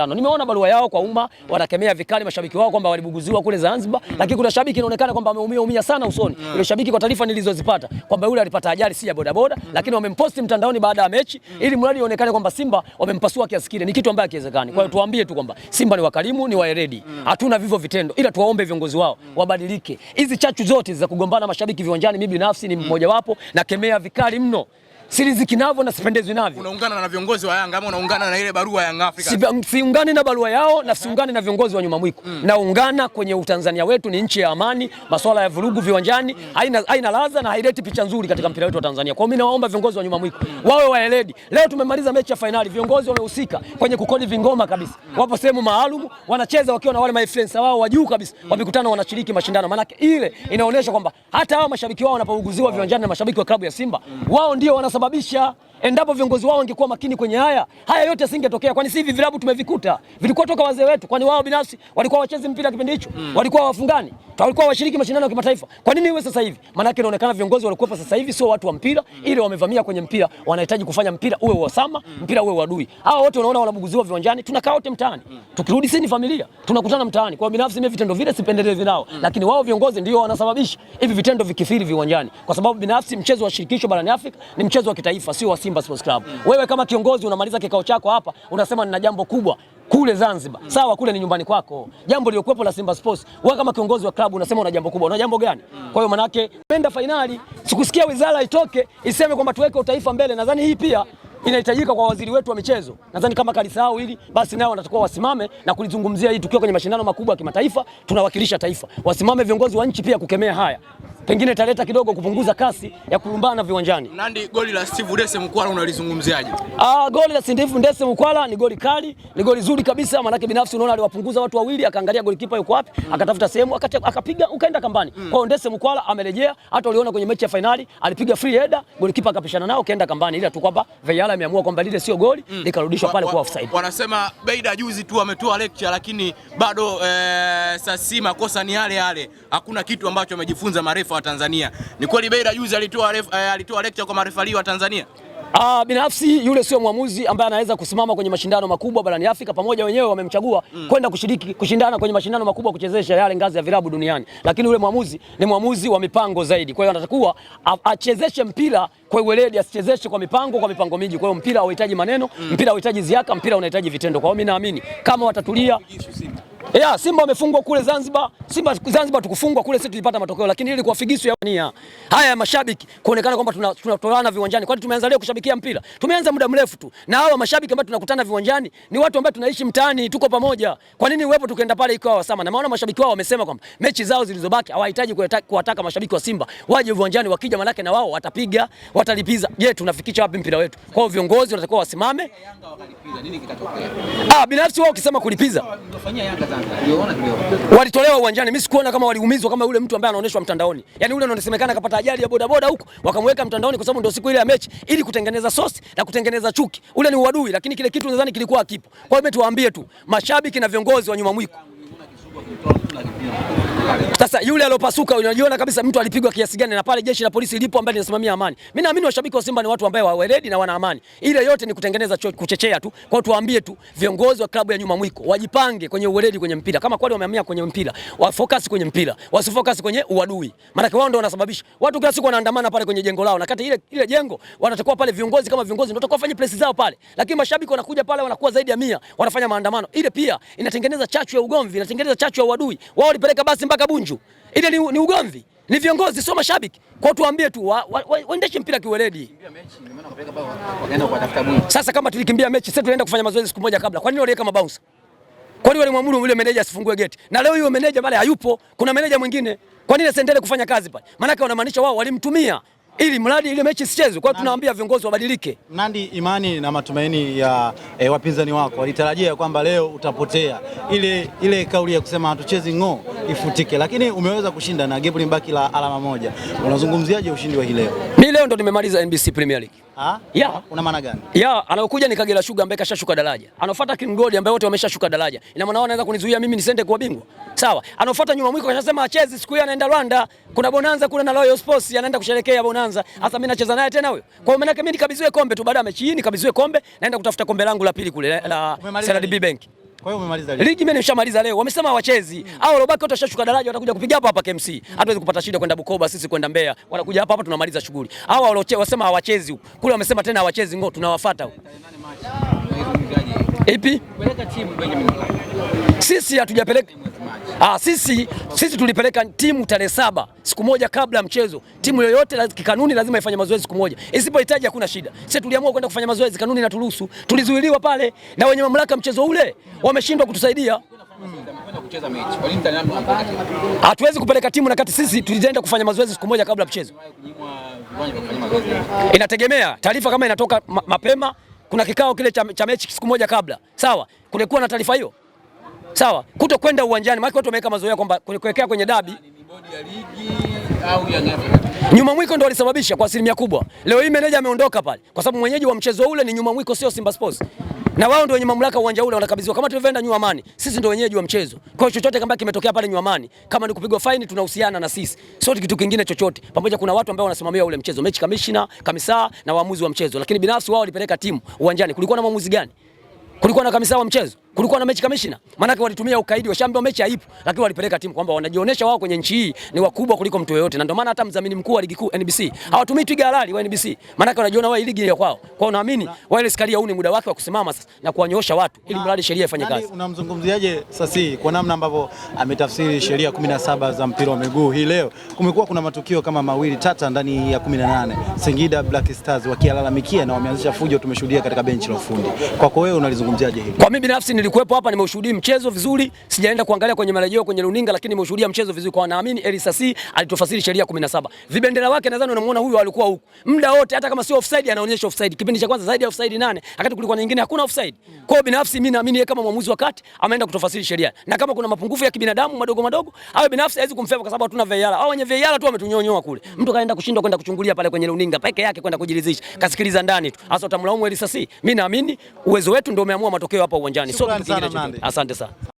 tano. Nimeona barua yao kwa umma, wanakemea vikali mashabiki wao kwamba walibuguziwa kule Zanzibar, mm. lakini kuna shabiki inaonekana kwamba ameumia umia sana usoni. Mm. Yule shabiki kwa taarifa nilizozipata kwamba yule alipata ajali si ya bodaboda, mm. lakini wamemposti mtandaoni baada ya mechi ili mradi ionekane kwamba Simba wamempasua kiasi kile. Ni kitu ambacho hakiwezekani. Kwa hiyo tuambie tu kwamba Simba ni wakarimu, ni waeredi. Hatuna vivyo vitendo. Ila tuwaombe viongozi wao wabadilike. Hizi chachu zote za kugombana mashabiki viwanjani, mimi binafsi ni mmoja wapo na kemea vikali mno siriziki navyo na sipendezwi navyo. Unaungana na viongozi wa Yanga ama unaungana na ile barua ya Yanga Afrika? Mm, siungani na barua yao na siungani na viongozi wa nyuma mwiko mm. Naungana kwenye Utanzania wetu, ni nchi ya amani, masuala ya vurugu viwanjani mm. haina, haina laza na haileti picha nzuri katika mpira wetu wa Tanzania. Kwa hiyo mimi nawaomba viongozi wa nyuma mwiko mm. wawe waeledi. Leo tumemaliza mechi ya fainali, viongozi wamehusika kwenye kukodi vingoma kabisa mm. wapo sehemu maalum wanacheza wakiwa na wale maifluensa wao wa juu kabisa mm. wamekutana, wanashiriki mashindano, maanake ile inaonyesha kwamba hata hao mashabiki wao wanapouguziwa viwanjani na mashabiki wa klabu ya Simba mm. wao ndio wana kusababisha endapo viongozi wao wangekuwa makini kwenye haya, haya yote yasingetokea. Kwani si hivi vilabu tumevikuta vilikuwa toka wazee wetu? Kwani wao binafsi walikuwa wachezi mpira kipindi hicho? mm. walikuwa wafungani? walikuwa washiriki mashindano ya kimataifa. Kwa nini iwe sasa hivi? Maana yake inaonekana viongozi walikuwa sasa hivi sio watu wa mpira, mm. ile wamevamia kwenye mpira, wanahitaji kufanya mpira uwe mm. mpira uwe wadui. Hawa wote unaona wanabuguziwa viwanjani, tunakaa wote mtaani, mm. tukirudi sisi ni familia, tunakutana mtaani. Kwa binafsi mimi vitendo vile sipendelezi nao, lakini wao viongozi ndio wanasababisha hivi vitendo vikithiri viwanjani, kwa sababu binafsi mchezo wa shirikisho barani Afrika ni mchezo wa kitaifa, sio wa Simba Sports Club. mm. Wewe kama kiongozi unamaliza kikao chako hapa, unasema nina jambo kubwa kule Zanzibar. Mm. Sawa, kule ni nyumbani kwako. Jambo liliokuwepo la Simba Sports, wewe kama kiongozi wa klabu unasema una jambo kubwa, una jambo gani? Mm. Kwa hiyo manake penda fainali, sikusikia wizara itoke iseme kwamba tuweke utaifa mbele. Nadhani hii pia inahitajika kwa waziri wetu wa michezo. Nadhani kama kalisahau hili, basi nao wanatakiwa wasimame na kulizungumzia hii. Tukiwa kwenye mashindano makubwa ya kimataifa, tunawakilisha taifa, wasimame viongozi wa nchi pia kukemea haya, pengine italeta kidogo kupunguza kasi ya kulumbana viwanjani. Nandi, goli la Steve Ndese Mkwala unalizungumziaje? Ah, goli la Steve Ndese Mkwala ni goli kali, ni goli zuri kabisa, maanake binafsi unaona aliwapunguza watu wawili, akaangalia golikipa yuko wapi, mm. akatafuta sehemu akapiga, ukaenda kambani. Mm. Kwa hiyo Ndese Mkwala amerejea, hata uliona kwenye mechi ya fainali alipiga free header, golikipa akapishana nao, kaenda kambani, ila tu kwamba Veyala VAR ameamua kwamba lile sio goli mm. likarudishwa pale kwa offside. Wanasema Beida juzi tu ametoa lecture, lakini bado ee, eh, sasi makosa ni yale yale, hakuna kitu ambacho amejifunza marefa wa Tanzania. Ni kweli Beida juzi alitoa eh, alitoa lecture kwa marefa wa Tanzania. Ah, binafsi yule sio mwamuzi ambaye anaweza kusimama kwenye mashindano makubwa barani Afrika, pamoja wenyewe wamemchagua mm. kwenda kushiriki kushindana kwenye mashindano makubwa kuchezesha yale ngazi ya vilabu duniani, lakini yule mwamuzi ni mwamuzi wa mipango zaidi. Kwa hiyo anatakuwa achezeshe mpira kwa weledi, asichezeshe kwa mipango kwa mipango mingi. Kwa hiyo mpira hauhitaji maneno mm. mpira hauhitaji ziaka, mpira unahitaji vitendo. Kwa hiyo mimi naamini kama watatulia ya, Simba wamefungwa kule Zanzibar. Simba Zanzibar tukufungwa kule, sisi tulipata matokeo, lakini ili kuwafigisu ya nia haya ya mashabiki kuonekana kwamba tunatolana tuna viwanjani, kwani tumeanza leo kushabikia mpira, tumeanza muda mrefu tu, na hawa mashabiki ambao tunakutana viwanjani ni watu ambao tunaishi mtaani, tuko pamoja. Kwa nini uwepo tukaenda pale ikawa sawa? Na maana mashabiki wao wamesema kwamba mechi zao zilizobaki hawahitaji kuwataka mashabiki wa Simba waje viwanjani, wakija manake na wao watapiga, watalipiza. Je, tunafikisha wapi mpira wetu? Kwa hiyo viongozi wanatakiwa wasimame. Yanga wakalipiza, nini kitatokea? Ah, binafsi wao ukisema kulipiza walitolewa uwanjani. Mimi sikuona kama waliumizwa kama yule mtu ambaye anaonyeshwa mtandaoni, yaani yule anasemekana kapata ajali ya bodaboda huko, wakamweka mtandaoni kwa sababu ndio siku ile ya mechi, ili kutengeneza sosi na kutengeneza chuki. Ule ni uadui, lakini kile kitu nadhani kilikuwa kipo Kwa hiyo tuwaambie tu mashabiki na viongozi wa nyuma mwiko sasa yule alopasuka unajiona kabisa mtu alipigwa kiasi gani na pale jeshi la polisi lipo ambaye linasimamia amani. Mimi naamini washabiki wa Simba ni watu ambao waweledi na wana amani. Ile yote ni kutengeneza cho, kuchechea tu. Kwa hiyo tuwaambie tu viongozi wa klabu ya nyuma mwiko wajipange kwenye uweledi kwenye mpira. Kama kweli wamehamia kwenye mpira, wa focus kwenye mpira, wasifocus kwenye uadui. Maana wao ndio wanasababisha. Watu kila siku wanaandamana pale kwenye jengo lao na kati ile ile jengo wanatakuwa pale viongozi kama viongozi ndio watakuwa fanya press zao pale. Lakini mashabiki wanakuja pale wanakuwa zaidi ya 100, wanafanya maandamano. Ile pia inatengeneza chachu ya ugomvi, inatengeneza chachu ya uadui. Wao walipeleka basi mpaka Kabunju. Ile ni, ni ugomvi, ni viongozi sio mashabiki. Kwa tuambie tu waendeshe wa, wa, mpira kiweledi. Sasa kama tulikimbia mechi, sasa tunaenda kufanya mazoezi siku moja kabla. Kwa nini waliweka mabausa Kwa nini walimwamuru yule meneja asifungue geti? Na leo yule meneja pale hayupo, kuna meneja mwingine. Kwa nini asiendelee kufanya kazi pale? Maana yake wanamaanisha wao walimtumia ili mradi ile mechi sichezwe. Kwa tunaambia viongozi wabadilike. Mnandi, imani na matumaini ya e, wapinzani wako walitarajia kwamba leo utapotea, ile ile kauli ya kusema hatuchezi ng'oo ifutike, lakini umeweza kushinda na gepu limebaki la alama moja. Unazungumziaje ushindi wa hii leo? Mi leo ndo nimemaliza NBC Premier League. Ah? Ya. Una maana gani? Ya, anaokuja ni Kagera Sugar ambaye kashashuka daraja. Anafuata King Gold ambaye wote wameshashuka daraja. Ina maana anaweza kunizuia mimi nisende kuwa bingwa. Sawa. Anafuata nyuma mwiko kashasema achezi siku hiyo anaenda Rwanda. Kuna Bonanza kule na Royal Sports anaenda kusherehekea Bonanza. Sasa mimi nacheza naye tena huyo. Kwa hiyo maana mimi nikabizwe kombe tu baada ya mechi hii nikabizwe kombe naenda kutafuta kombe langu la pili kule la CRDB Bank. Kwa hiyo umemaliza leo. Ligi mimi nimeshamaliza leo. Wamesema Mm. Hao robaki wote washashuka daraja watakuja kupiga hapa hapa KMC. Hatuwezi kupata shida kwenda Bukoba, sisi kwenda Mbeya. Wanakuja hapa hapa tunamaliza shughuli. Hao walioche wasema hawachezi. Kule wamesema tena hawachezi ngo tunawafuata. Ipi? Peleka timu sisi hatujapeleka Ah, sisi, sisi tulipeleka timu tarehe saba siku moja kabla ya mchezo. Timu yoyote kikanuni lazima ifanye mazoezi siku moja, isipohitaji hakuna shida. Sisi tuliamua kwenda kufanya mazoezi, kanuni inaturuhusu. Tulizuiliwa pale na wenye mamlaka, mchezo ule wameshindwa kutusaidia. Hatuwezi hmm, kupeleka timu na kati. Sisi tulienda kufanya mazoezi siku moja kabla mchezo. Inategemea taarifa kama inatoka mapema, kuna kikao kile cha mechi siku moja kabla, sawa, kulikuwa na taarifa hiyo sawa, kuto kwenda uwanjani, maana watu wameweka mazoea kwamba kuelekea kwenye dabi Nyuma Mwiko ndo walisababisha kwa asilimia kubwa. Leo hii meneja ameondoka pale, kwa sababu mwenyeji wa mchezo ule ni Nyuma Mwiko, sio Simba Sports, na wao ndio wenye mamlaka uwanja ule, wanakabidhiwa kama tulivyoenda Nyua Amani. Sisi ndio wenyeji wa mchezo, kwa hiyo chochote kama kimetokea pale Nyua Amani, kama ni kupigwa faini, tunahusiana na sisi, sio kitu kingine chochote. Pamoja kuna watu ambao wanasimamia ule mchezo, mechi kamishina, kamisa na waamuzi wa mchezo, lakini binafsi wao walipeleka timu uwanjani. Kulikuwa na maamuzi gani? Kulikuwa na kamisa wa mchezo? kulikuwa na mechi kamishina, maanake walitumia ukaidi, washaambiwa mechi haipo, lakini walipeleka timu kwamba wanajionyesha wao kwenye nchi hii ni wakubwa kuliko mtu yoyote, na ndio maana hata mdhamini mkuu wa ligi kuu NBC hawatumii twiga halali wa NBC, maanake wanajiona wao ligi ya kwao. Kwa hiyo naamini wao ile skali, huu ni muda wake wa kusimama sasa na kuwanyoosha watu, ili mradi sheria ifanye kazi. Unamzungumziaje sasa kwa namna ambavyo ametafsiri sheria 17 za mpira wa miguu hii leo? Kumekuwa kuna matukio kama mawili tata ndani ya 18, Singida Black Stars wakialalamikia na wameanzisha fujo, tumeshuhudia katika benchi la ufundi. Kwako wewe unalizungumziaje hili? Kwa mimi binafsi nilikuwepo hapa, nimeushuhudia mchezo vizuri. Sijaenda kuangalia kwenye marejeo kwenye runinga, lakini nimeushuhudia mchezo vizuri, kwa naamini Elisa C alitofasiri sheria 17. Vibendera wake nadhani unamuona huyu alikuwa huko muda wote, hata kama sio offside anaonyesha offside. Kipindi cha kwanza zaidi ya offside nane, wakati kulikuwa na nyingine hakuna offside. Kwa hiyo binafsi mimi naamini yeye kama mwamuzi wa kati ameenda kutofasiri sheria, na kama kuna mapungufu ya kibinadamu madogo madogo, awe binafsi hawezi kumfeva kwa sababu hatuna VAR. au wenye VAR tu wametunyonyoa kule, mtu kaenda kushindwa kwenda kuchungulia pale kwenye runinga peke yake, kwenda kujiridhisha, kasikiliza ndani tu. Hasa utamlaumu Elisa C? Mimi naamini uwezo wetu ndio umeamua matokeo hapa uwanjani, so, Shukrani sana Nandi. Asante sana.